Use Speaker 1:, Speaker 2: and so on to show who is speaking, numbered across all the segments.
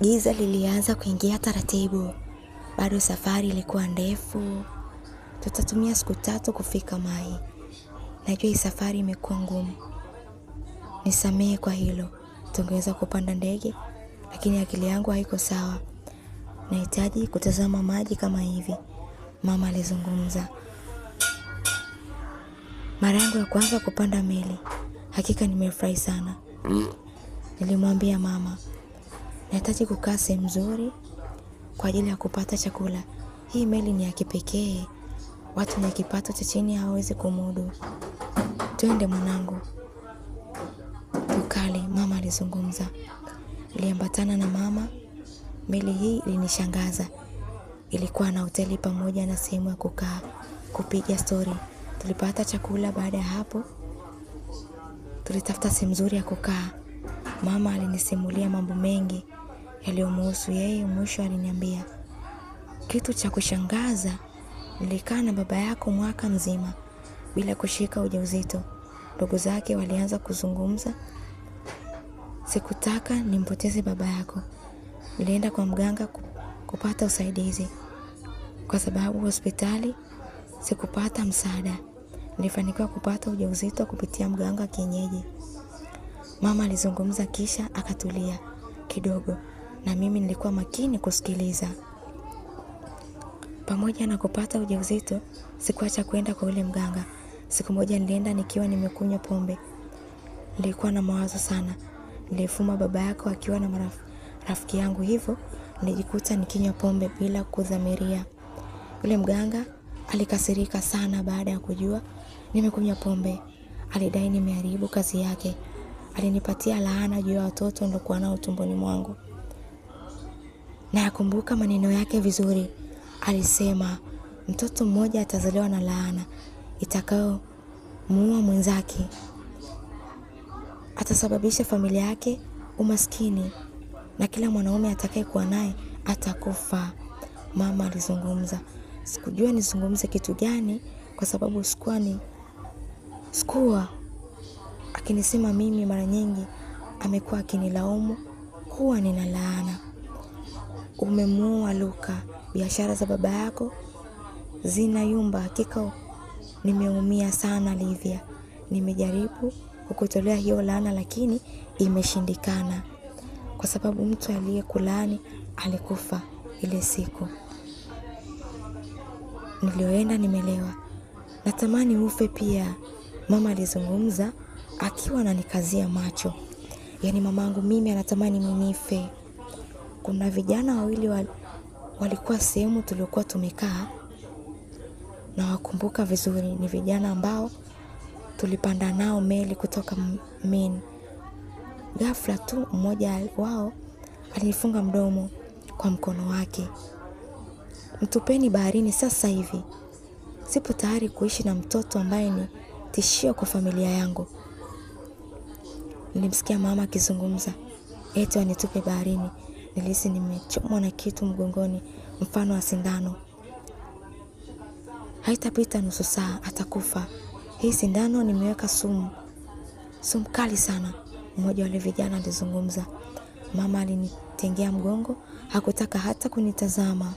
Speaker 1: Giza lilianza kuingia taratibu. Bado safari ilikuwa ndefu. Tutatumia siku tatu kufika Mai. Najua hii safari imekuwa ngumu, nisamehe kwa hilo. Tungeweza kupanda ndege, lakini akili yangu haiko sawa. Nahitaji kutazama maji kama hivi, mama alizungumza. Mara yangu ya kwanza kupanda meli, hakika nimefurahi sana, hmm. nilimwambia mama nahitaji kukaa sehemu nzuri kwa ajili ya kupata chakula. Hii meli ni ya kipekee, watu wenye kipato cha chini hawawezi kumudu. Twende mwanangu, tukale, mama alizungumza. Niliambatana na mama. Meli hii ilinishangaza. Ilikuwa na hoteli pamoja na sehemu ya kukaa, kupiga stori. Tulipata chakula. Baada ya hapo, tulitafuta sehemu nzuri ya kukaa. Mama alinisimulia mambo mengi yaliyomuhusu yeye. Mwisho aliniambia kitu cha kushangaza, nilikaa na baba yako mwaka mzima bila kushika ujauzito. Ndugu zake walianza kuzungumza, sikutaka nimpoteze baba yako. Nilienda kwa mganga kupata usaidizi, kwa sababu hospitali sikupata msaada. Nilifanikiwa kupata ujauzito kupitia mganga kienyeji. Mama alizungumza kisha akatulia kidogo na mimi nilikuwa makini kusikiliza. Pamoja na kupata ujauzito, sikuacha kwenda kwa yule mganga. Siku moja nilienda nikiwa nimekunywa pombe. Nilikuwa na mawazo sana. Nilifuma baba yako akiwa na maraf, rafiki yangu hivyo, nilijikuta nikinywa pombe bila kudhamiria. Yule mganga alikasirika sana baada ya kujua nimekunywa pombe. Alidai nimeharibu kazi yake. Alinipatia laana juu ya watoto ndokuwa nao tumboni mwangu. Nayakumbuka maneno yake vizuri. Alisema mtoto mmoja atazaliwa na laana itakayomuua mwenzake, atasababisha familia yake umaskini na kila mwanaume atakayekuwa naye atakufa. Mama alizungumza. Sikujua nizungumze kitu gani kwa sababu sikuwa ni sikuwa akinisema mimi. Mara nyingi amekuwa akinilaumu huwa nina laana umemuoa Luka, biashara za baba yako zinayumba. Hakika nimeumia sana Livia, nimejaribu kukutolea hiyo laana lakini imeshindikana, kwa sababu mtu aliyekulaani alikufa ile siku. Nilioenda nimelewa, natamani ufe pia, mama alizungumza akiwa ananikazia macho. Yaani mamangu mimi anatamani mimi nife kuna vijana wawili wa, walikuwa sehemu tuliokuwa tumekaa nawakumbuka vizuri. Ni vijana ambao tulipanda nao meli kutoka min Ghafla tu mmoja wao alinifunga mdomo kwa mkono wake. Mtupeni baharini sasa hivi. Sipo tayari kuishi na mtoto ambaye ni tishio kwa familia yangu. Nilimsikia mama akizungumza, eti wanitupe baharini. Nilihisi nimechomwa na kitu mgongoni, mfano wa sindano. Haitapita nusu saa, atakufa. Hii sindano nimeweka sumu, sumu kali sana. Mmoja wale vijana alizungumza. Mama alinitengea mgongo, hakutaka hata kunitazama.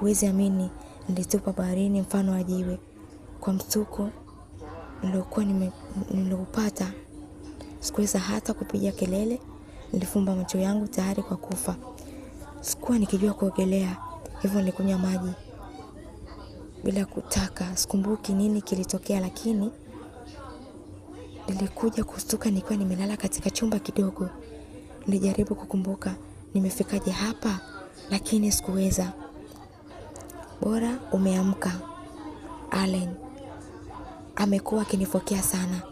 Speaker 1: Huwezi amini, nilitupa baharini mfano wa jiwe. Kwa mtuko niliokuwa nimeupata, sikuweza hata kupiga kelele Nilifumba macho yangu tayari kwa kufa. Sikuwa nikijua kuogelea, hivyo nilikunywa maji bila kutaka. Sikumbuki nini kilitokea, lakini nilikuja kustuka nikiwa nimelala katika chumba kidogo. Nilijaribu kukumbuka nimefikaje hapa, lakini sikuweza. Bora umeamka. Allen amekuwa akinifokea sana,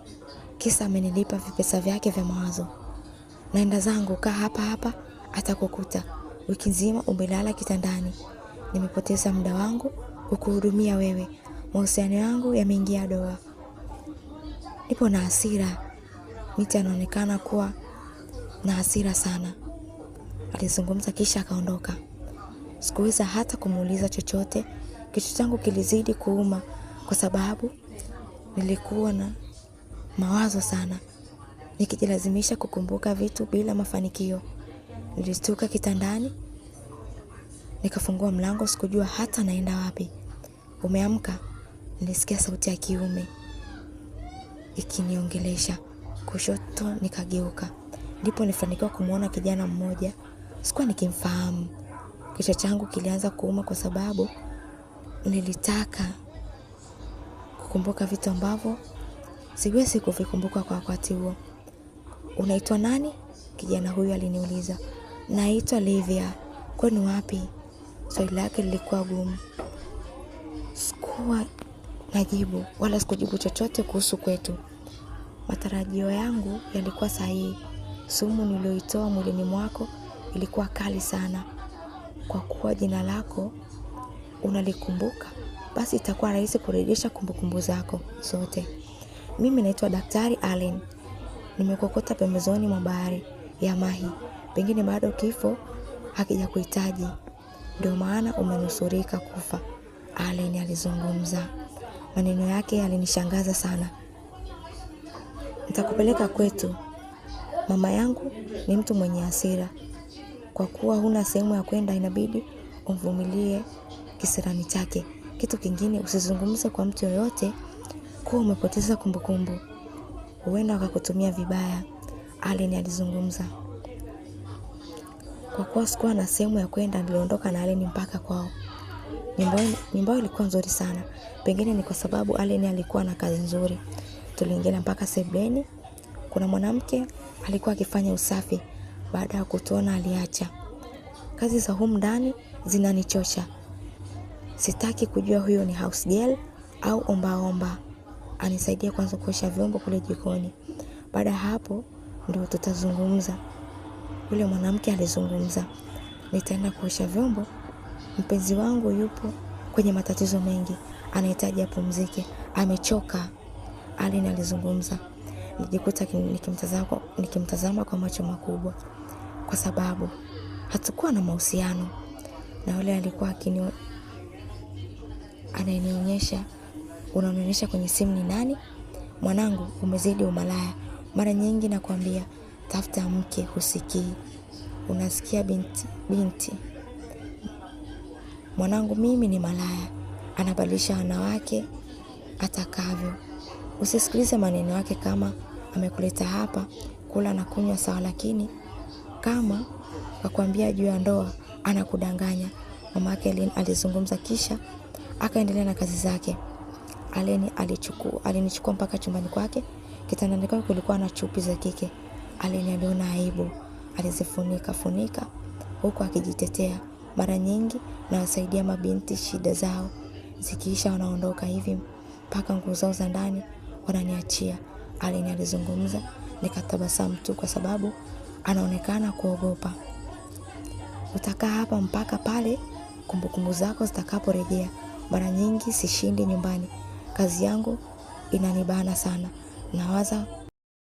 Speaker 1: kisa amenilipa vipesa vyake vya mawazo naenda zangu, kaa hapa hapa atakukuta. Wiki nzima umelala kitandani, nimepoteza muda wangu kukuhudumia wewe, mahusiano yangu yameingia doa, nipo na hasira. Miti anaonekana kuwa na hasira sana, alizungumza kisha akaondoka. Sikuweza hata kumuuliza chochote, kichwa changu kilizidi kuuma kwa sababu nilikuwa na mawazo sana nikijilazimisha kukumbuka vitu bila mafanikio. Nilistuka kitandani, nikafungua mlango, sikujua hata naenda wapi. Umeamka? Nilisikia sauti ya kiume ikiniongelesha. Kushoto nikageuka, ndipo nifanikiwa kumwona kijana mmoja. Sikuwa nikimfahamu. Kichwa changu kilianza kuuma kwa sababu nilitaka kukumbuka vitu ambavyo siwezi kuvikumbuka kwa wakati huo unaitwa nani? Kijana huyu aliniuliza. Naitwa Livia. Kwenu wapi? Swali so, lake lilikuwa gumu. Sikuwa najibu wala sikujibu chochote kuhusu kwetu. Matarajio yangu yalikuwa sahihi. Sumu niliyoitoa mwilini mwako ilikuwa kali sana. Kwa kuwa jina lako unalikumbuka, basi itakuwa rahisi kurejesha kumbukumbu zako zote. Mimi naitwa Daktari Allen nimekokota pembezoni mwa bahari ya Mahi, pengine bado kifo kuhitaji ndio maana umenusurika kufa, Aleni alizungumza. Maneno yake yalinishangaza sana. Nitakupeleka kwetu. Mama yangu ni mtu mwenye hasira. Kwa kuwa huna sehemu ya kwenda, inabidi umvumilie kisirani chake. Kitu kingine, usizungumze kwa mtu yoyote kuwa umepoteza kumbukumbu huenda wakakutumia vibaya, alen alizungumza. Kwa kuwa sikuwa na sehemu ya kwenda, niliondoka na alen mpaka kwao. Nyumba yao ilikuwa nzuri sana, pengine ni kwa sababu alen alikuwa na kazi nzuri. Tuliingia mpaka sebuleni. Kuna mwanamke alikuwa akifanya usafi, baada ya kutuona aliacha. Kazi za humu ndani zinanichosha, sitaki kujua huyo ni house girl au ombaomba omba anisaidia kwanza kuosha vyombo kule jikoni. Baada ya hapo ndo tutazungumza. Yule mwanamke alizungumza, nitaenda kuosha vyombo, mpenzi wangu yupo kwenye matatizo mengi, anahitaji apumzike, amechoka. Aline alizungumza, nijikuta nikimtazama, nikimtazama kwa macho makubwa, kwa sababu hatukuwa na mahusiano na yule alikuwa akini ananionyesha unaonionyesha kwenye simu ni nani? Mwanangu, umezidi umalaya. Mara nyingi nakwambia tafuta mke, husikii. Unasikia binti, binti. Mwanangu, mimi ni malaya, anabadilisha wanawake atakavyo. Usisikilize maneno yake. Kama amekuleta hapa kula na kunywa sawa, lakini kama akwambia juu ya ndoa anakudanganya. Mama yake Lynn alizungumza, kisha akaendelea na kazi zake. Aleni alichukua alinichukua mpaka chumbani kwake. Kitandani kwake kulikuwa na chupi za kike. Aleni aliona aibu, alizifunika funika huku akijitetea mara nyingi na wasaidia mabinti shida zao zikiisha, wanaondoka hivi mpaka nguo zao za ndani wananiachia. Aleni alizungumza, nikatabasamu tu kwa sababu anaonekana kuogopa. Utakaa hapa mpaka pale kumbukumbu zako zitakaporejea. Mara nyingi sishindi nyumbani, kazi yangu inanibana sana, nawaza